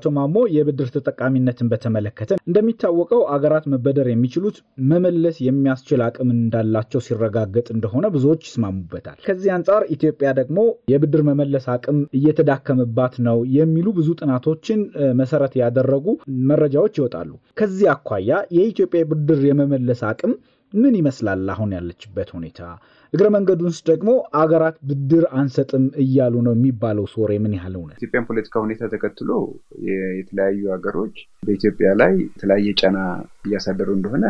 አቶ ማሞ የብድር ተጠቃሚነትን በተመለከተ እንደሚታወቀው አገራት መበደር የሚችሉት መመለስ የሚያስችል አቅም እንዳላቸው ሲረጋገጥ እንደሆነ ብዙዎች ይስማሙበታል። ከዚህ አንጻር ኢትዮጵያ ደግሞ የብድር መመለስ አቅም እየተዳከመባት ነው የሚሉ ብዙ ጥናቶችን መሰረት ያደረጉ መረጃዎች ይወጣሉ። ከዚህ አኳያ የኢትዮጵያ የብድር የመመለስ አቅም ምን ይመስላል አሁን ያለችበት ሁኔታ? እግረ መንገዱንስ ደግሞ አገራት ብድር አንሰጥም እያሉ ነው የሚባለው ሶሬ ምን ያህል እውነት? ኢትዮጵያን ፖለቲካ ሁኔታ ተከትሎ የተለያዩ ሀገሮች በኢትዮጵያ ላይ የተለያየ ጫና እያሳደሩ እንደሆነ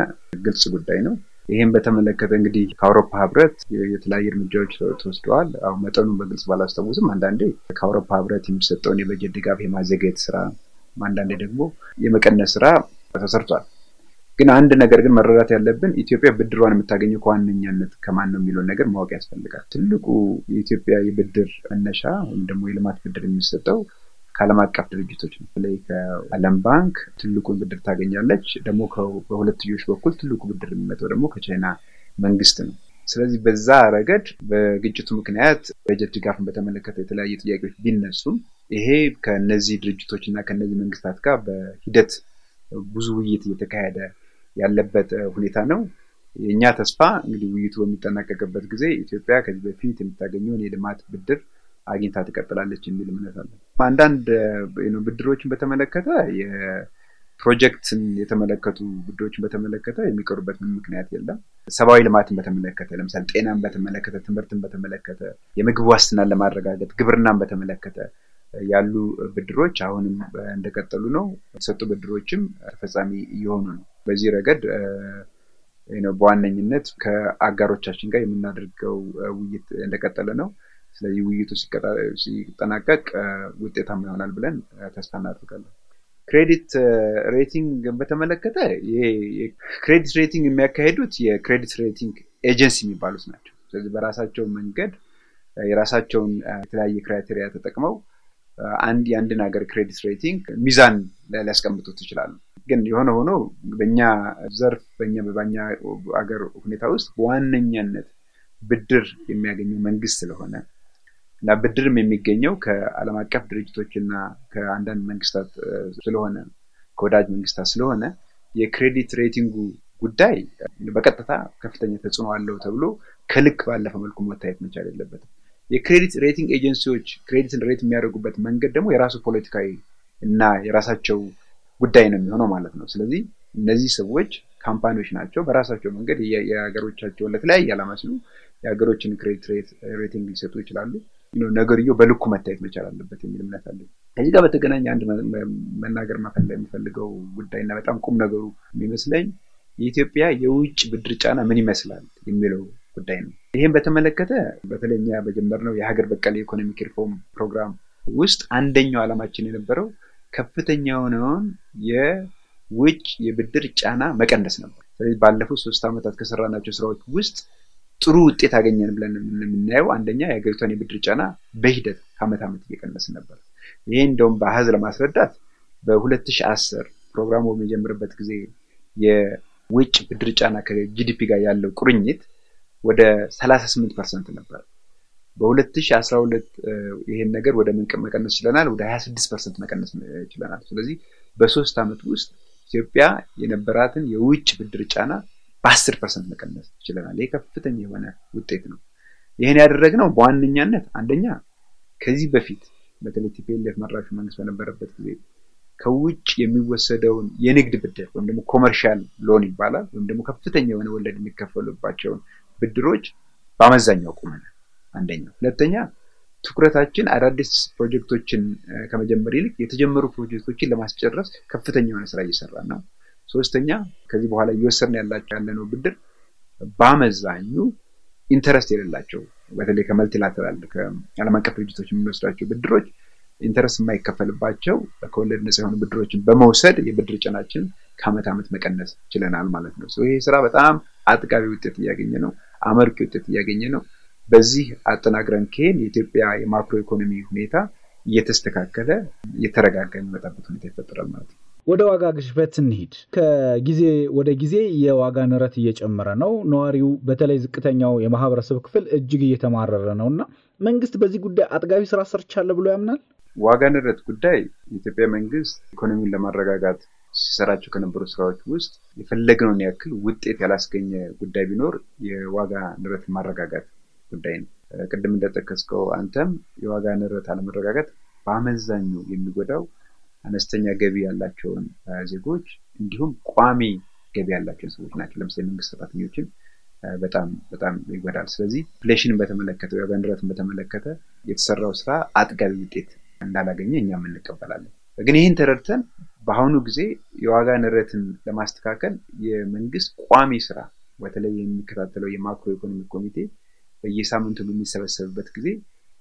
ግልጽ ጉዳይ ነው። ይህም በተመለከተ እንግዲህ ከአውሮፓ ህብረት የተለያየ እርምጃዎች ተወስደዋል። አሁን መጠኑን በግልጽ ባላስታውስም አንዳንዴ ከአውሮፓ ህብረት የሚሰጠውን የበጀት ድጋፍ የማዘጋየት ስራ፣ አንዳንዴ ደግሞ የመቀነስ ስራ ተሰርቷል። ግን አንድ ነገር ግን መረዳት ያለብን ኢትዮጵያ ብድሯን የምታገኘው ከዋነኛነት ከማን ነው የሚለውን ነገር ማወቅ ያስፈልጋል። ትልቁ የኢትዮጵያ የብድር መነሻ ወይም ደግሞ የልማት ብድር የሚሰጠው ከዓለም አቀፍ ድርጅቶች ነው። በተለይ ከዓለም ባንክ ትልቁን ብድር ታገኛለች። ደግሞ በሁለትዮሽ በኩል ትልቁ ብድር የሚመጣው ደግሞ ከቻይና መንግስት ነው። ስለዚህ በዛ ረገድ በግጭቱ ምክንያት በጀት ድጋፍን በተመለከተ የተለያዩ ጥያቄዎች ቢነሱም ይሄ ከነዚህ ድርጅቶች እና ከነዚህ መንግስታት ጋር በሂደት ብዙ ውይይት እየተካሄደ ያለበት ሁኔታ ነው። የእኛ ተስፋ እንግዲህ ውይይቱ በሚጠናቀቅበት ጊዜ ኢትዮጵያ ከዚህ በፊት የምታገኘውን የልማት ብድር አግኝታ ትቀጥላለች የሚል እምነት አለ። አንዳንድ ብድሮችን በተመለከተ የፕሮጀክትን የተመለከቱ ብድሮችን በተመለከተ የሚቀሩበት ምን ምክንያት የለም። ሰብአዊ ልማትን በተመለከተ ለምሳሌ ጤናን በተመለከተ፣ ትምህርትን በተመለከተ፣ የምግብ ዋስትናን ለማረጋገጥ፣ ግብርናን በተመለከተ ያሉ ብድሮች አሁንም እንደቀጠሉ ነው። የተሰጡ ብድሮችም ተፈጻሚ እየሆኑ ነው። በዚህ ረገድ በዋነኝነት ከአጋሮቻችን ጋር የምናደርገው ውይይት እንደቀጠለ ነው። ስለዚህ ውይይቱ ሲጠናቀቅ ውጤታማ ይሆናል ብለን ተስፋ እናደርጋለን። ክሬዲት ሬቲንግ በተመለከተ ክሬዲት ሬቲንግ የሚያካሄዱት የክሬዲት ሬቲንግ ኤጀንሲ የሚባሉት ናቸው። ስለዚህ በራሳቸው መንገድ የራሳቸውን የተለያየ ክራይቴሪያ ተጠቅመው አንድ የአንድን ሀገር ክሬዲት ሬቲንግ ሚዛን ሊያስቀምጡት ይችላሉ። ግን የሆነ ሆኖ በኛ ዘርፍ በኛ በባኛ ሀገር ሁኔታ ውስጥ በዋነኛነት ብድር የሚያገኘው መንግስት ስለሆነ እና ብድርም የሚገኘው ከዓለም አቀፍ ድርጅቶች እና ከአንዳንድ መንግስታት ስለሆነ ከወዳጅ መንግስታት ስለሆነ የክሬዲት ሬቲንጉ ጉዳይ በቀጥታ ከፍተኛ ተጽዕኖ አለው ተብሎ ከልክ ባለፈ መልኩ መታየት መቻል የለበትም። የክሬዲት ሬቲንግ ኤጀንሲዎች ክሬዲትን ሬት የሚያደርጉበት መንገድ ደግሞ የራሱ ፖለቲካዊ እና የራሳቸው ጉዳይ ነው የሚሆነው ማለት ነው። ስለዚህ እነዚህ ሰዎች ካምፓኒዎች ናቸው። በራሳቸው መንገድ የሀገሮቻቸውን ለተለያየ ዓላማ ሲሉ የሀገሮችን ክሬዲት ሬቲንግ ሊሰጡ ይችላሉ። ነገርየው በልኩ መታየት መቻል አለበት የሚል እምነት አለ። ከዚህ ጋር በተገናኘ አንድ መናገር የሚፈልገው ጉዳይ እና በጣም ቁም ነገሩ የሚመስለኝ የኢትዮጵያ የውጭ ብድር ጫና ምን ይመስላል የሚለው ጉዳይ ነው። ይህም በተመለከተ በተለይ እኛ ነው የሀገር በቀል የኢኮኖሚክ ሪፎርም ፕሮግራም ውስጥ አንደኛው ዓላማችን የነበረው ከፍተኛ የሆነውን የውጭ የብድር ጫና መቀነስ ነበር። ስለዚህ ባለፉት ሶስት ዓመታት ከሰራናቸው ስራዎች ውስጥ ጥሩ ውጤት አገኘን ብለን የምናየው አንደኛ የሀገሪቷን የብድር ጫና በሂደት ከአመት ዓመት እየቀነስን ነበር። ይሄ እንደውም በአሀዝ ለማስረዳት በ2010 ፕሮግራሙ በሚጀምርበት ጊዜ የውጭ ብድር ጫና ከጂዲፒ ጋር ያለው ቁርኝት ወደ 38 ፐርሰንት ነበር። በ2012 ይሄን ነገር ወደ መቀነስ ችለናል፣ ወደ 26 ፐርሰንት መቀነስ ችለናል። ስለዚህ በሶስት ዓመት ውስጥ ኢትዮጵያ የነበራትን የውጭ ብድር ጫና በ10 ፐርሰንት መቀነስ ችለናል። ይህ ከፍተኛ የሆነ ውጤት ነው። ይህን ያደረግነው በዋነኛነት አንደኛ ከዚህ በፊት በተለይ ቲፒኤልኤፍ መራሹ መንግስት በነበረበት ጊዜ ከውጭ የሚወሰደውን የንግድ ብድር ወይም ደግሞ ኮመርሻል ሎን ይባላል ወይም ደግሞ ከፍተኛ የሆነ ወለድ የሚከፈሉባቸውን ብድሮች በአመዛኛው ቁመናል። አንደኛው። ሁለተኛ ትኩረታችን አዳዲስ ፕሮጀክቶችን ከመጀመር ይልቅ የተጀመሩ ፕሮጀክቶችን ለማስጨረስ ከፍተኛ የሆነ ስራ እየሰራ ነው። ሶስተኛ ከዚህ በኋላ እየወሰድን ያላቸው ያለነው ብድር በአመዛኙ ኢንተረስት የሌላቸው በተለይ ከመልቲላተራል ከዓለም አቀፍ ድርጅቶች የምንወስዳቸው ብድሮች ኢንተረስት የማይከፈልባቸው ከወለድ ነጻ የሆኑ ብድሮችን በመውሰድ የብድር ጭናችን ከአመት ዓመት መቀነስ ችለናል ማለት ነው። ይህ ስራ በጣም አጥጋቢ ውጤት እያገኘ ነው። አመርቂ ውጤት እያገኘ ነው። በዚህ አጠናግረን ከሄን የኢትዮጵያ የማክሮ ኢኮኖሚ ሁኔታ እየተስተካከለ እየተረጋጋ የሚመጣበት ሁኔታ ይፈጠራል ማለት ነው። ወደ ዋጋ ግሽበት እንሂድ። ከጊዜ ወደ ጊዜ የዋጋ ንረት እየጨመረ ነው። ነዋሪው በተለይ ዝቅተኛው የማህበረሰብ ክፍል እጅግ እየተማረረ ነው እና መንግስት በዚህ ጉዳይ አጥጋቢ ስራ ሰርቻለ ብሎ ያምናል። ዋጋ ንረት ጉዳይ የኢትዮጵያ መንግስት ኢኮኖሚውን ለማረጋጋት ሲሰራቸው ከነበሩ ስራዎች ውስጥ የፈለግነውን ያክል ውጤት ያላስገኘ ጉዳይ ቢኖር የዋጋ ንረት ማረጋጋት ጉዳይ ነው። ቅድም እንደጠቀስከው አንተም የዋጋ ንረት አለመረጋጋት በአመዛኙ የሚጎዳው አነስተኛ ገቢ ያላቸውን ዜጎች እንዲሁም ቋሚ ገቢ ያላቸውን ሰዎች ናቸው። ለምሳሌ መንግስት ሰራተኞችን በጣም በጣም ይጎዳል። ስለዚህ ኢንፍሌሽንን በተመለከተ ዋጋ ንረትን በተመለከተ የተሰራው ስራ አጥጋቢ ውጤት እንዳላገኘ እኛም እንቀበላለን። ግን ይህን ተረድተን በአሁኑ ጊዜ የዋጋ ንረትን ለማስተካከል የመንግስት ቋሚ ስራ በተለይ የሚከታተለው የማክሮ ኢኮኖሚ ኮሚቴ በየሳምንቱ በሚሰበሰብበት ጊዜ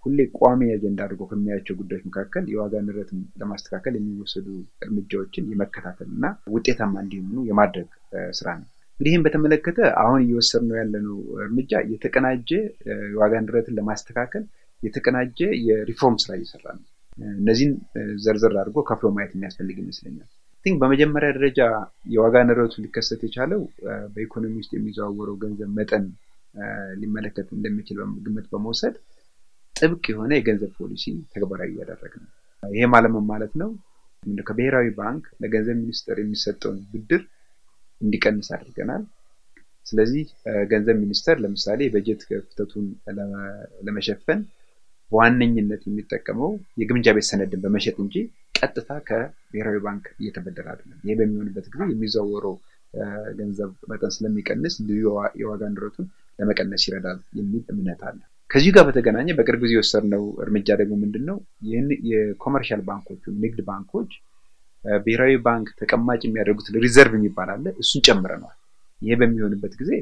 ሁሌ ቋሚ አጀንዳ አድርጎ ከሚያያቸው ጉዳዮች መካከል የዋጋ ንረትን ለማስተካከል የሚወሰዱ እርምጃዎችን የመከታተል እና ውጤታማ እንዲሆኑ የማድረግ ስራ ነው። እንግዲህ በተመለከተ አሁን እየወሰድ ነው ያለነው እርምጃ የተቀናጀ የዋጋ ንረትን ለማስተካከል የተቀናጀ የሪፎርም ስራ እየሰራ ነው። እነዚህን ዘርዘር አድርጎ ከፍሎ ማየት የሚያስፈልግ ይመስለኛል። ቲንክ በመጀመሪያ ደረጃ የዋጋ ንረቱ ሊከሰት የቻለው በኢኮኖሚ ውስጥ የሚዘዋወረው ገንዘብ መጠን ሊመለከት እንደሚችል ግምት በመውሰድ ጥብቅ የሆነ የገንዘብ ፖሊሲ ተግባራዊ እያደረግ ነው። ይሄ ማለምም ማለት ነው ከብሔራዊ ባንክ ለገንዘብ ሚኒስቴር የሚሰጠውን ብድር እንዲቀንስ አድርገናል። ስለዚህ ገንዘብ ሚኒስቴር ለምሳሌ የበጀት ክፍተቱን ለመሸፈን በዋነኝነት የሚጠቀመው የግምጃ ቤት ሰነድን በመሸጥ እንጂ ቀጥታ ከብሔራዊ ባንክ እየተበደረ አይደለም። ይህ በሚሆንበት ጊዜ የሚዘወረው ገንዘብ መጠን ስለሚቀንስ ልዩ የዋጋ ንረቱን ለመቀነስ ይረዳል የሚል እምነት አለ። ከዚሁ ጋር በተገናኘ በቅርብ ጊዜ የወሰድነው እርምጃ ደግሞ ምንድን ነው? ይህን የኮመርሻል ባንኮች ንግድ ባንኮች ብሔራዊ ባንክ ተቀማጭ የሚያደርጉት ሪዘርቭ የሚባል አለ። እሱን ጨምረነዋል። ይሄ በሚሆንበት ጊዜ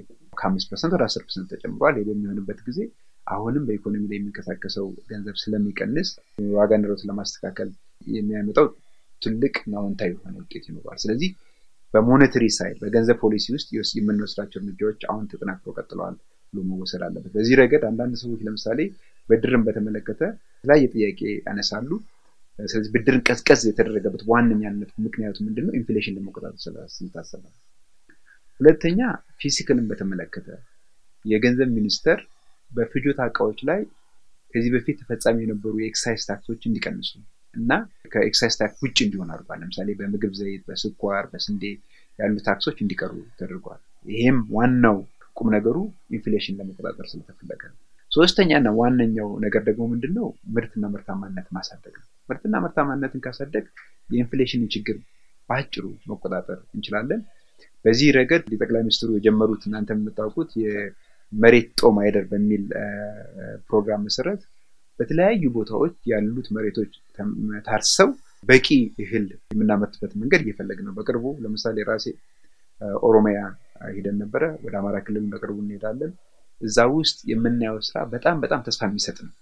ከአምስት ፐርሰንት ወደ አስር ፐርሰንት ተጨምሯል። ይሄ በሚሆንበት ጊዜ አሁንም በኢኮኖሚ ላይ የሚንቀሳቀሰው ገንዘብ ስለሚቀንስ ዋጋ ንረት ለማስተካከል የሚያመጣው ትልቅ አዎንታዊ የሆነ ውጤት ይኖረዋል። ስለዚህ በሞኔተሪ ሳይድ በገንዘብ ፖሊሲ ውስጥ የምንወስዳቸው እርምጃዎች አሁን ተጠናክሮ ቀጥለዋል ብሎ መወሰድ አለበት። በዚህ ረገድ አንዳንድ ሰዎች ለምሳሌ ብድርን በተመለከተ የተለያየ ጥያቄ ያነሳሉ። ስለዚህ ብድርን ቀዝቀዝ የተደረገበት ዋነኛነት ምክንያቱ ምንድነው ነው? ኢንፍሌሽን ለመቆጣጠር ስለታሰበ። ሁለተኛ ፊዚክልን በተመለከተ የገንዘብ ሚኒስተር በፍጆታ እቃዎች ላይ ከዚህ በፊት ተፈጻሚ የነበሩ የኤክሳይዝ ታክሶች እንዲቀንሱ እና ከኤክሳይዝ ታክስ ውጭ እንዲሆን አድርጓል። ለምሳሌ በምግብ ዘይት፣ በስኳር፣ በስንዴ ያሉ ታክሶች እንዲቀሩ ተደርጓል። ይሄም ዋናው ቁም ነገሩ ኢንፍሌሽን ለመቆጣጠር ስለተፈለገ ነው። ሶስተኛና ዋነኛው ነገር ደግሞ ምንድን ነው? ምርትና ምርታማነት ማሳደግ ነው። ምርትና ምርታማነትን ካሳደግ የኢንፍሌሽንን ችግር በአጭሩ መቆጣጠር እንችላለን። በዚህ ረገድ የጠቅላይ ሚኒስትሩ የጀመሩት እናንተ የምታውቁት መሬት ጦም አይደር በሚል ፕሮግራም መሰረት በተለያዩ ቦታዎች ያሉት መሬቶች ታርሰው በቂ እህል የምናመርትበት መንገድ እየፈለግ ነው። በቅርቡ ለምሳሌ ራሴ ኦሮሚያ ሂደን ነበረ። ወደ አማራ ክልል በቅርቡ እንሄዳለን። እዛ ውስጥ የምናየው ስራ በጣም በጣም ተስፋ የሚሰጥ ነው።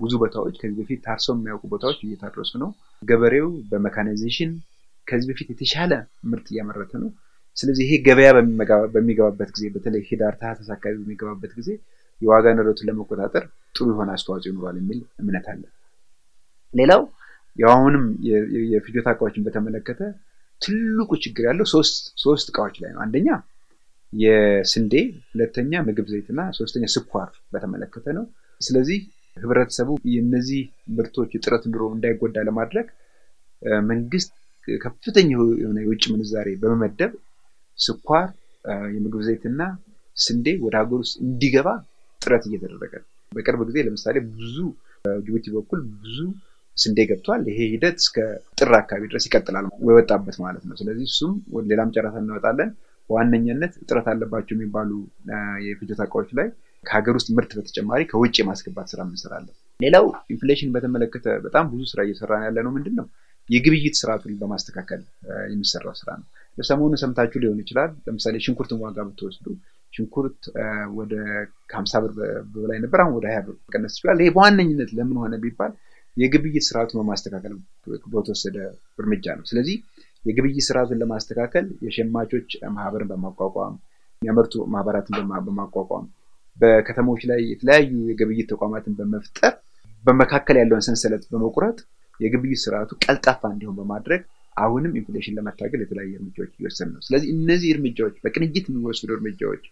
ብዙ ቦታዎች ከዚህ በፊት ታርሰው የሚያውቁ ቦታዎች እየታረሱ ነው። ገበሬው በመካናይዜሽን ከዚህ በፊት የተሻለ ምርት እያመረተ ነው። ስለዚህ ይሄ ገበያ በሚገባበት ጊዜ በተለይ ሂዳር ታህሳስ አካባቢ በሚገባበት ጊዜ የዋጋ ንረቱን ለመቆጣጠር ጥሩ የሆነ አስተዋጽኦ ይኖራል የሚል እምነት አለ። ሌላው የአሁንም አሁንም የፍጆታ እቃዎችን በተመለከተ ትልቁ ችግር ያለው ሶስት እቃዎች ላይ ነው። አንደኛ የስንዴ፣ ሁለተኛ ምግብ ዘይትና ሶስተኛ ስኳር በተመለከተ ነው። ስለዚህ ህብረተሰቡ የነዚህ ምርቶች የጥረት ኑሮ እንዳይጎዳ ለማድረግ መንግስት ከፍተኛ የሆነ የውጭ ምንዛሬ በመመደብ ስኳር፣ የምግብ ዘይትና ስንዴ ወደ ሀገር ውስጥ እንዲገባ ጥረት እየተደረገ ነው። በቅርብ ጊዜ ለምሳሌ ብዙ ጅቡቲ በኩል ብዙ ስንዴ ገብቷል። ይሄ ሂደት እስከ ጥር አካባቢ ድረስ ይቀጥላል የወጣበት ማለት ነው። ስለዚህ እሱም ሌላም ጨረታ እናወጣለን። በዋነኛነት እጥረት አለባቸው የሚባሉ የፍጆታ እቃዎች ላይ ከሀገር ውስጥ ምርት በተጨማሪ ከውጭ የማስገባት ስራ እንሰራለን። ሌላው ኢንፍሌሽን በተመለከተ በጣም ብዙ ስራ እየሰራ ያለ ነው። ምንድን ነው የግብይት ስርዓቱን በማስተካከል የሚሰራው ስራ ነው። ሰሞኑን ሰምታችሁ ሊሆን ይችላል። ለምሳሌ ሽንኩርትን ዋጋ ብትወስዱ ሽንኩርት ወደ ከሀምሳ ብር በላይ ነበር፣ አሁን ወደ ሀያ ብር መቀነስ ይችላል። ይሄ በዋነኝነት ለምን ሆነ ቢባል የግብይት ስርዓቱን በማስተካከል በተወሰደ እርምጃ ነው። ስለዚህ የግብይት ስርዓቱን ለማስተካከል የሸማቾች ማህበርን በማቋቋም የሚያመርቱ ማህበራትን በማቋቋም በከተሞች ላይ የተለያዩ የግብይት ተቋማትን በመፍጠር በመካከል ያለውን ሰንሰለት በመቁረጥ የግብይት ስርዓቱ ቀልጣፋ እንዲሆን በማድረግ አሁንም ኢንፍሌሽን ለመታገል የተለያዩ እርምጃዎች እየወሰን ነው። ስለዚህ እነዚህ እርምጃዎች በቅንጅት የሚወስዱ እርምጃዎች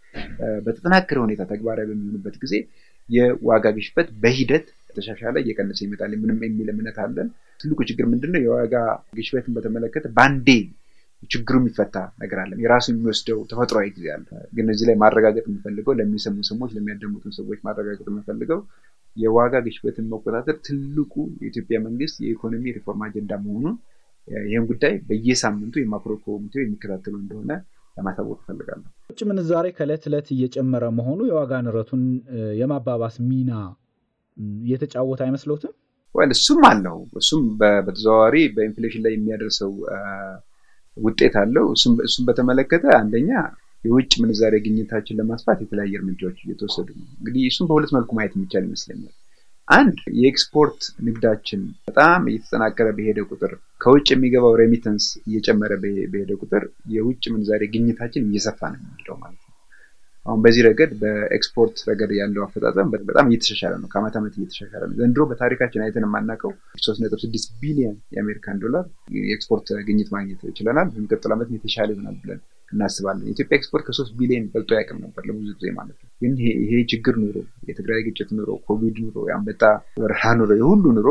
በተጠናከረ ሁኔታ ተግባራዊ በሚሆኑበት ጊዜ የዋጋ ግሽበት በሂደት ተሻሻለ እየቀነሰ ይመጣል ምንም የሚል እምነት አለን። ትልቁ ችግር ምንድነው የዋጋ ግሽበትን በተመለከተ በአንዴ ችግሩ የሚፈታ ነገር አለም። የራሱ የሚወስደው ተፈጥሯዊ ጊዜ አለ። ግን እዚህ ላይ ማረጋገጥ የምፈልገው ለሚሰሙ ሰዎች፣ ለሚያደሙትን ሰዎች ማረጋገጥ የምፈልገው የዋጋ ግሽበትን መቆጣጠር ትልቁ የኢትዮጵያ መንግስት የኢኮኖሚ ሪፎርም አጀንዳ መሆኑን ይህን ጉዳይ በየሳምንቱ የማክሮ ኮሚቴው የሚከታተሉ እንደሆነ ለማሳወቅ እፈልጋለሁ። ውጭ ምንዛሬ ከዕለት ዕለት እየጨመረ መሆኑ የዋጋ ንረቱን የማባባስ ሚና እየተጫወተ አይመስለትም? እሱም አለው። እሱም በተዘዋዋሪ በኢንፍሌሽን ላይ የሚያደርሰው ውጤት አለው። እሱም በተመለከተ አንደኛ የውጭ ምንዛሬ ግኝታችን ለማስፋት የተለያየ እርምጃዎች እየተወሰዱ ነው። እንግዲህ እሱም በሁለት መልኩ ማየት የሚቻል ይመስለኛል። አንድ የኤክስፖርት ንግዳችን በጣም እየተጠናከረ በሄደ ቁጥር ከውጭ የሚገባው ሬሚተንስ እየጨመረ በሄደ ቁጥር የውጭ ምንዛሬ ግኝታችን እየሰፋ ነው የሚለው ማለት ነው። አሁን በዚህ ረገድ በኤክስፖርት ረገድ ያለው አፈጻጸም በጣም እየተሻሻለ ነው፣ ከአመት ዓመት እየተሻሻለ ነው። ዘንድሮ በታሪካችን አይተን የማናውቀው ሶስት ነጥብ ስድስት ቢሊዮን የአሜሪካን ዶላር የኤክስፖርት ግኝት ማግኘት ችለናል። በሚቀጥለው ዓመት የተሻለ ይሆናል ብለን እናስባለን። የኢትዮጵያ ኤክስፖርት ከሶስት ቢሊዮን በልጦ ያቅም ነበር ለብዙ ጊዜ ማለት ነው። ግን ይሄ ችግር ኑሮ፣ የትግራይ ግጭት ኑሮ፣ ኮቪድ ኑሮ፣ የአንበጣ በረሃ ኑሮ፣ የሁሉ ኑሮ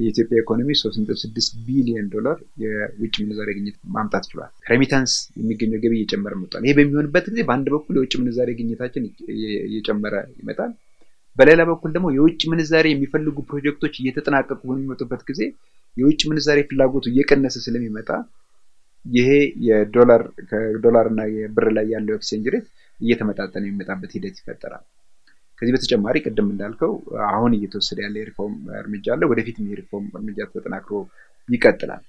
የኢትዮጵያ ኢኮኖሚ ሶስት ነጥብ ስድስት ቢሊዮን ዶላር የውጭ ምንዛሬ ግኝት ማምጣት ችሏል። ከሬሚታንስ የሚገኘው ገቢ እየጨመረ መጥቷል። ይሄ በሚሆንበት ጊዜ በአንድ በኩል የውጭ ምንዛሬ ግኝታችን እየጨመረ ይመጣል። በሌላ በኩል ደግሞ የውጭ ምንዛሬ የሚፈልጉ ፕሮጀክቶች እየተጠናቀቁ በሚመጡበት ጊዜ የውጭ ምንዛሬ ፍላጎቱ እየቀነሰ ስለሚመጣ ይሄ የዶላር ከዶላርና የብር ላይ ያለው ኤክስቼንጅ ሬት እየተመጣጠነ የሚመጣበት ሂደት ይፈጠራል። ከዚህ በተጨማሪ ቅድም እንዳልከው አሁን እየተወሰደ ያለ የሪፎርም እርምጃ አለ። ወደፊትም የሪፎርም እርምጃ ተጠናክሮ ይቀጥላል።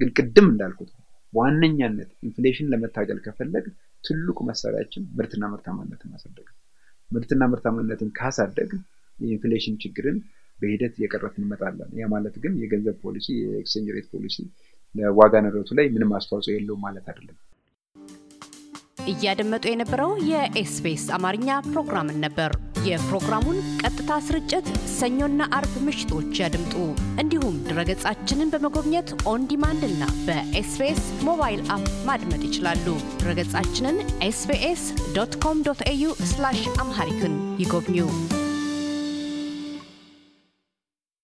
ግን ቅድም እንዳልኩት በዋነኛነት ኢንፍሌሽን ለመታገል ከፈለግ ትልቁ መሳሪያችን ምርትና ምርታማነትን ማሳደግ። ምርትና ምርታማነትን ካሳደግ የኢንፍሌሽን ችግርን በሂደት እየቀረፍን እንመጣለን። ያ ማለት ግን የገንዘብ ፖሊሲ የኤክስቼንጅ ሬት ፖሊሲ ዋጋ ንረቱ ላይ ምንም አስተዋጽኦ የለውም ማለት አይደለም። እያደመጡ የነበረው የኤስቢኤስ አማርኛ ፕሮግራምን ነበር። የፕሮግራሙን ቀጥታ ስርጭት ሰኞና አርብ ምሽቶች ያድምጡ። እንዲሁም ድረገጻችንን በመጎብኘት ኦንዲማንድ እና በኤስቢኤስ ሞባይል አፕ ማድመጥ ይችላሉ። ድረገጻችንን ኤስቢኤስ ዶት ኮም ዶት ኤዩ አምሃሪክን ይጎብኙ።